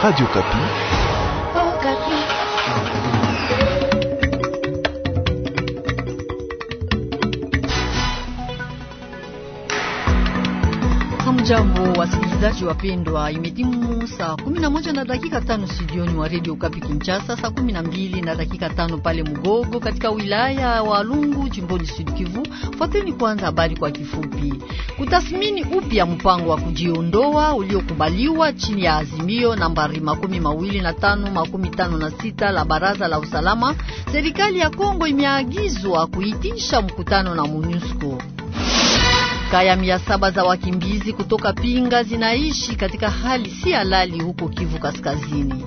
Radio Kapi. Hamjambo wasikilizaji wapendwa, imetimu saa 11 na dakika tano studioni wa redio Kapi Kinshasa, saa 12 na dakika tano pale Mugogo katika wilaya wa Lungu jimboni Sud Kivu. Fuateni kwanza habari kwa kifupi. Kutathmini upya mpango wa kujiondoa uliokubaliwa chini ya azimio nambari makumi mawili na tano makumi tano na sita la Baraza la Usalama, serikali ya Kongo imeagizwa kuitisha mkutano na MONUSCO. Kaya mia saba za wakimbizi kutoka Pinga zinaishi katika hali si halali huko Kivu Kaskazini.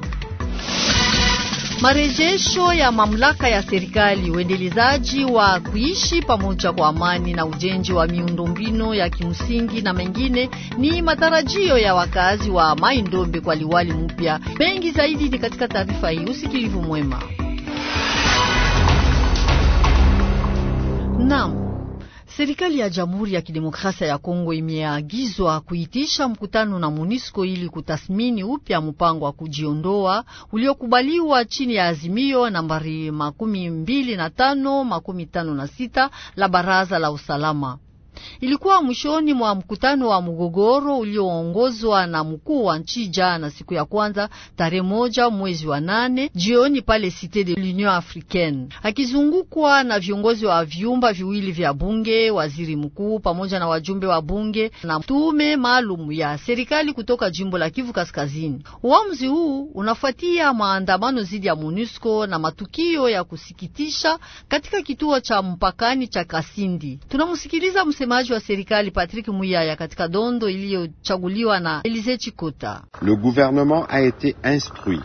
Marejesho ya mamlaka ya serikali, uendelezaji wa kuishi pamoja kwa amani na ujenzi wa miundombinu ya kimsingi na mengine ni matarajio ya wakazi wa Mai Ndombe kwa liwali mpya. Mengi zaidi ni katika taarifa hii. Usikilivu mwema. Naam. Serikali ya Jamhuri ya Kidemokrasia ya Kongo imeagizwa kuitisha mkutano na MONUSCO ili kutathmini upya mpango wa kujiondoa uliokubaliwa chini ya azimio nambari makumi mbili na tano makumi tano na sita la Baraza la Usalama. Ilikuwa mwishoni mwa mkutano wa mgogoro ulioongozwa na mkuu wa nchi jana siku ya kwanza tarehe moja mwezi wa nane jioni pale Cite de l'Union Africaine, akizungukwa na viongozi wa vyumba viwili vya bunge, waziri mkuu pamoja na wajumbe wa bunge na tume maalum ya serikali kutoka jimbo la Kivu Kaskazini. Uamuzi huu unafuatia maandamano zidi ya MONUSCO na matukio ya kusikitisha katika kituo cha mpakani cha Kasindi. Tunamsikiliza msema Msemaji wa serikali Patrick Muyaya katika dondo iliyochaguliwa na Elise Chikota. Le gouvernement a été instruit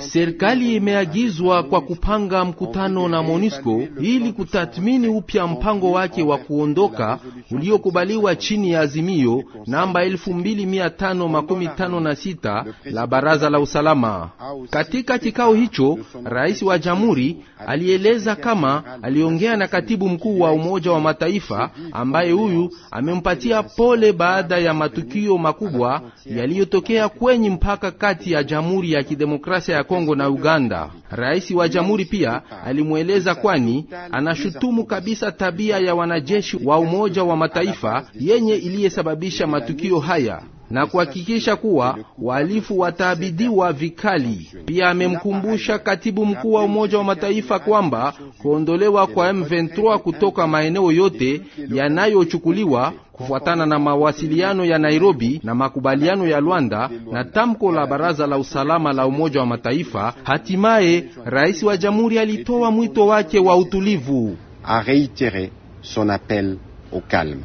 Serikali imeagizwa kwa kupanga mkutano na MONUSCO ili kutathmini upya mpango wake wa kuondoka uliokubaliwa chini ya azimio namba 2556 la Baraza la Usalama. Katika kikao hicho, rais wa jamhuri alieleza kama aliongea na katibu mkuu wa Umoja wa Mataifa ambaye huyu amempatia pole baada ya matukio makubwa yaliyotokea kwenye mpaka kati ya Jamhuri ya Kidemokrasia Demokrasia ya Kongo na Uganda. Rais wa jamhuri pia alimweleza, kwani anashutumu kabisa tabia ya wanajeshi wa Umoja wa Mataifa yenye iliyesababisha matukio haya na kuhakikisha kuwa wahalifu wataabidiwa vikali. Pia amemkumbusha katibu mkuu wa Umoja wa Mataifa kwamba kuondolewa kwa M23 kutoka maeneo yote yanayochukuliwa kufuatana na mawasiliano ya Nairobi na makubaliano ya Luanda na tamko la Baraza la Usalama la Umoja wa Mataifa. Hatimaye rais wa jamhuri alitoa mwito wake wa utulivu. A son appel au calme.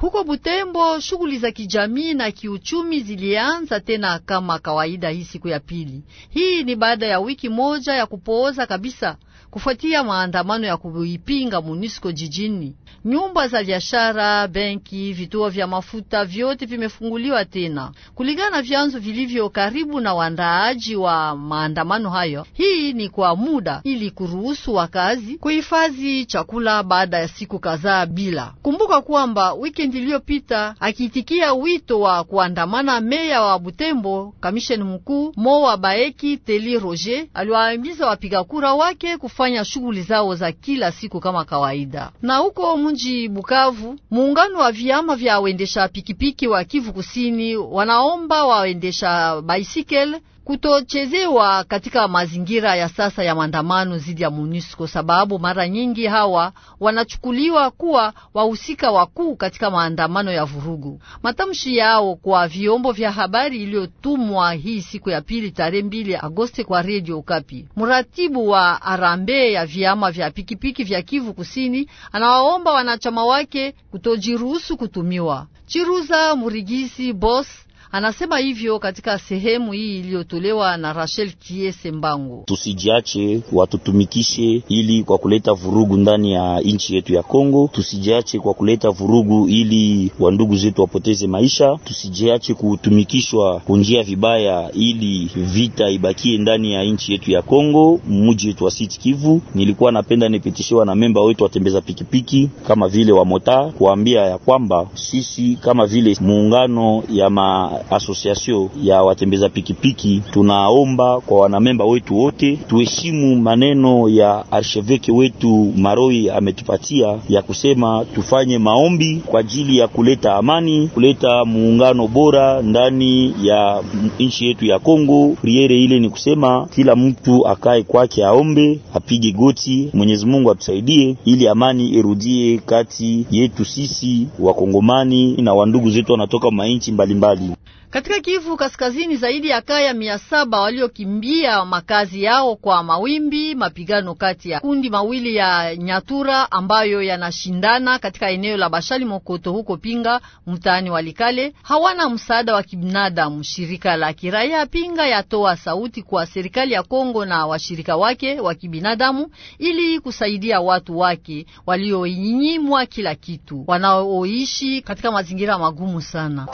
Huko Butembo, shughuli za kijamii na kiuchumi zilianza tena kama kawaida hii siku ya pili. Hii ni baada ya wiki moja ya kupooza kabisa kufuatia maandamano ya kuipinga MONUSCO jijini. Nyumba za biashara, benki, vituo vya mafuta vyote vimefunguliwa tena, kulingana na vyanzo vilivyo karibu na waandaaji wa maandamano hayo. Hii ni kwa muda ili kuruhusu wakazi kuhifadhi chakula baada ya siku kadhaa bila Kum Kumbuka kwamba wikendi iliyopita akiitikia wito wa kuandamana, meya wa Butembo kamisheni mkuu wa Baeki Teli Roger aliwaamiza wapiga kura wake kufanya shughuli zao za kila siku kama kawaida. Na huko mji Bukavu, muungano wa vyama vya waendesha pikipiki wa Kivu Kusini wanaomba waendesha baisikeli kutochezewa katika mazingira ya sasa ya maandamano dhidi ya MONUSCO, sababu mara nyingi hawa wanachukuliwa kuwa wahusika wakuu katika maandamano ya vurugu. Matamshi yao kwa vyombo vya habari iliyotumwa hii siku ya pili tarehe mbili Agosti kwa Radio Okapi, mratibu wa arambe ya vyama vya pikipiki vya Kivu Kusini anawaomba wanachama wake kutojiruhusu kutumiwa. Chiruza Murigisi Boss Anasema hivyo katika sehemu hii iliyotolewa na Rachel Kiese Mbangu. Tusijiache watutumikishe ili kwa kuleta vurugu ndani ya nchi yetu ya Kongo, tusijiache kwa kuleta vurugu ili wandugu zetu wapoteze maisha, tusijiache kutumikishwa kunjia vibaya ili vita ibakie ndani ya nchi yetu ya Kongo, mji wetu wa Sud Kivu. Nilikuwa napenda nipitishiwa na memba wetu watembeza pikipiki kama vile wamota kuambia ya kwamba sisi kama vile muungano ya ma association ya watembeza pikipiki, tunaomba kwa wanamemba wetu wote tuheshimu maneno ya arsheveke wetu Maroi ametupatia ya kusema tufanye maombi kwa ajili ya kuleta amani, kuleta muungano bora ndani ya nchi yetu ya Kongo. Priere ile ni kusema kila mtu akae kwake, aombe, apige goti, Mwenyezi Mungu atusaidie ili amani irudie kati yetu sisi Wakongomani na wandugu zetu wanatoka mainchi mbalimbali. Katika Kivu Kaskazini, zaidi ya kaya mia saba waliokimbia makazi yao kwa mawimbi mapigano kati ya kundi mawili ya Nyatura ambayo yanashindana katika eneo la Bashali Mokoto huko Pinga mtaani Walikale hawana msaada wa kibinadamu. Shirika la kiraia Pinga yatoa sauti kwa serikali ya Kongo na washirika wake wa kibinadamu ili kusaidia watu wake walioinyimwa kila kitu, wanaoishi katika mazingira magumu sana.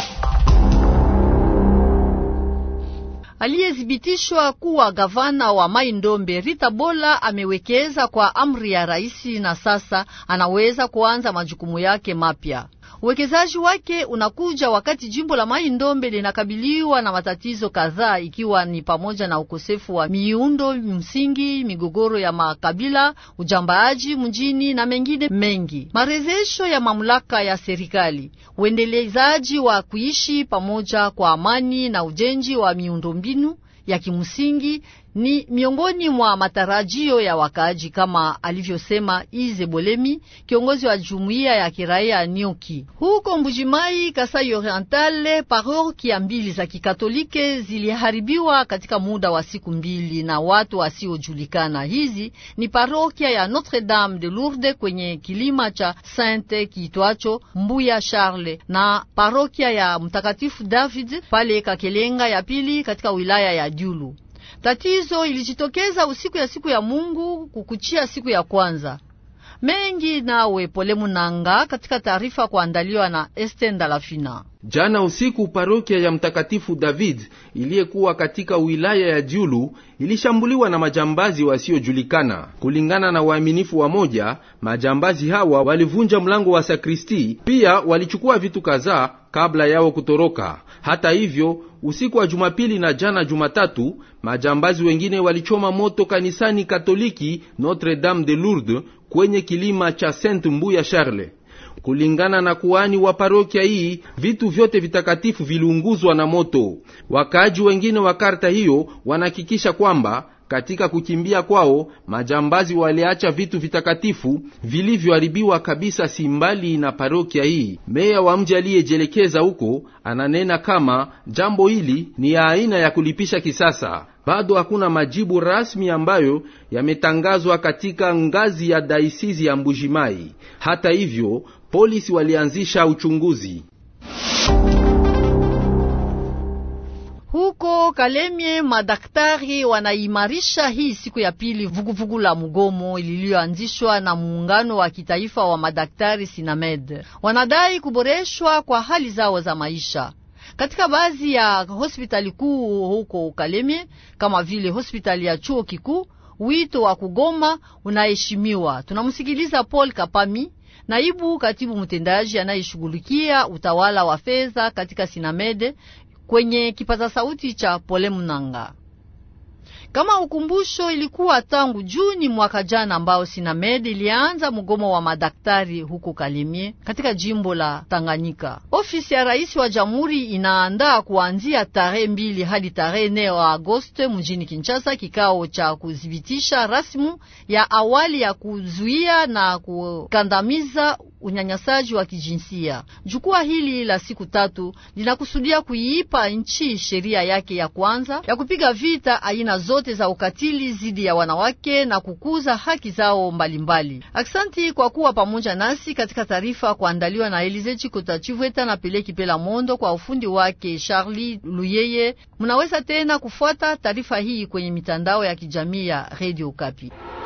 aliyethibitishwa kuwa gavana wa Mai Ndombe Rita Bola amewekeza kwa amri ya rais, na sasa anaweza kuanza majukumu yake mapya. Uwekezaji wake unakuja wakati jimbo la Mai Ndombe linakabiliwa na matatizo kadhaa, ikiwa ni pamoja na ukosefu wa miundo msingi, migogoro ya makabila, ujambaaji mjini na mengine mengi. Marejesho ya mamlaka ya serikali, uendelezaji wa kuishi pamoja kwa amani na ujenzi wa miundombinu ya kimsingi ni miongoni mwa matarajio ya wakaaji, kama alivyosema Ize Bolemi, kiongozi wa jumuiya ya kiraia Nioki huko Mbujimai, Kasai Orientale. Parokia mbili za Kikatolike ziliharibiwa katika muda wa siku mbili na watu wasiojulikana. Hizi ni parokia ya Notre Dame de Lourdes kwenye kilima cha Sainte kiitwacho Mbuya Charles na parokia ya Mtakatifu David pale Kakelenga ya pili katika wilaya ya Julu. Tatizo ilijitokeza usiku ya siku ya Mungu kukuchia siku ya kwanza mengi nawe pole munanga, katika taarifa kuandaliwa na Esten Dalafina. Jana usiku parokia ya Mtakatifu David iliyekuwa katika wilaya ya Julu ilishambuliwa na majambazi wasiojulikana. Kulingana na waaminifu wa moja, majambazi hawa walivunja mlango wa sakristi, pia walichukua vitu kadhaa kabla yao kutoroka. Hata hivyo, usiku wa Jumapili na jana Jumatatu, majambazi wengine walichoma moto kanisani Katoliki Notre Dame de Lourdes kwenye kilima cha Saint Mbuya Charles. Kulingana na kuani wa parokia hii, vitu vyote vitakatifu viliunguzwa na moto. Wakaaji wengine wa karta hiyo wanahakikisha kwamba katika kukimbia kwao majambazi waliacha vitu vitakatifu vilivyoharibiwa kabisa, simbali na parokia hii. Meya wa mji aliyejielekeza huko ananena kama jambo hili ni ya aina ya kulipisha kisasa bado hakuna majibu rasmi ambayo yametangazwa katika ngazi ya daisizi ya Mbujimai. Hata hivyo, polisi walianzisha uchunguzi. Huko Kalemie madaktari wanaimarisha hii siku ya pili vuguvugu la mgomo lililoanzishwa na muungano wa kitaifa wa madaktari Sinamed. Wanadai kuboreshwa kwa hali zao za maisha katika baadhi ya hospitali kuu huko Kalemie kama vile hospitali ya chuo kikuu. Wito wa kugoma unaheshimiwa. Tunamsikiliza Paul Kapami, naibu katibu mtendaji anayeshughulikia utawala wa fedha katika Sinamede, kwenye kipaza sauti cha Pole Munanga. Kama ukumbusho, ilikuwa tangu Juni mwaka jana ambao Sinamed ilianza mgomo wa madaktari huko Kalemie katika jimbo la Tanganyika. Ofisi ya rais wa jamhuri inaandaa kuanzia tarehe mbili hadi tarehe nne wa Agosti mjini Kinshasa kikao cha kuzibitisha rasmi ya awali ya kuzuia na kukandamiza unyanyasaji wa kijinsia. Jukwaa hili la siku tatu linakusudia kuiipa nchi sheria yake ya kwanza ya kupiga vita aina zote za ukatili dhidi ya wanawake na kukuza haki zao mbalimbali. Aksanti kwa kuwa pamoja nasi katika taarifa kuandaliwa na Elize Chikota Chivweta na Peleki Pela Mondo kwa ufundi wake Charlie Luyeye. Munaweza tena kufuata taarifa hii kwenye mitandao ya kijamii ya Radio Kapi.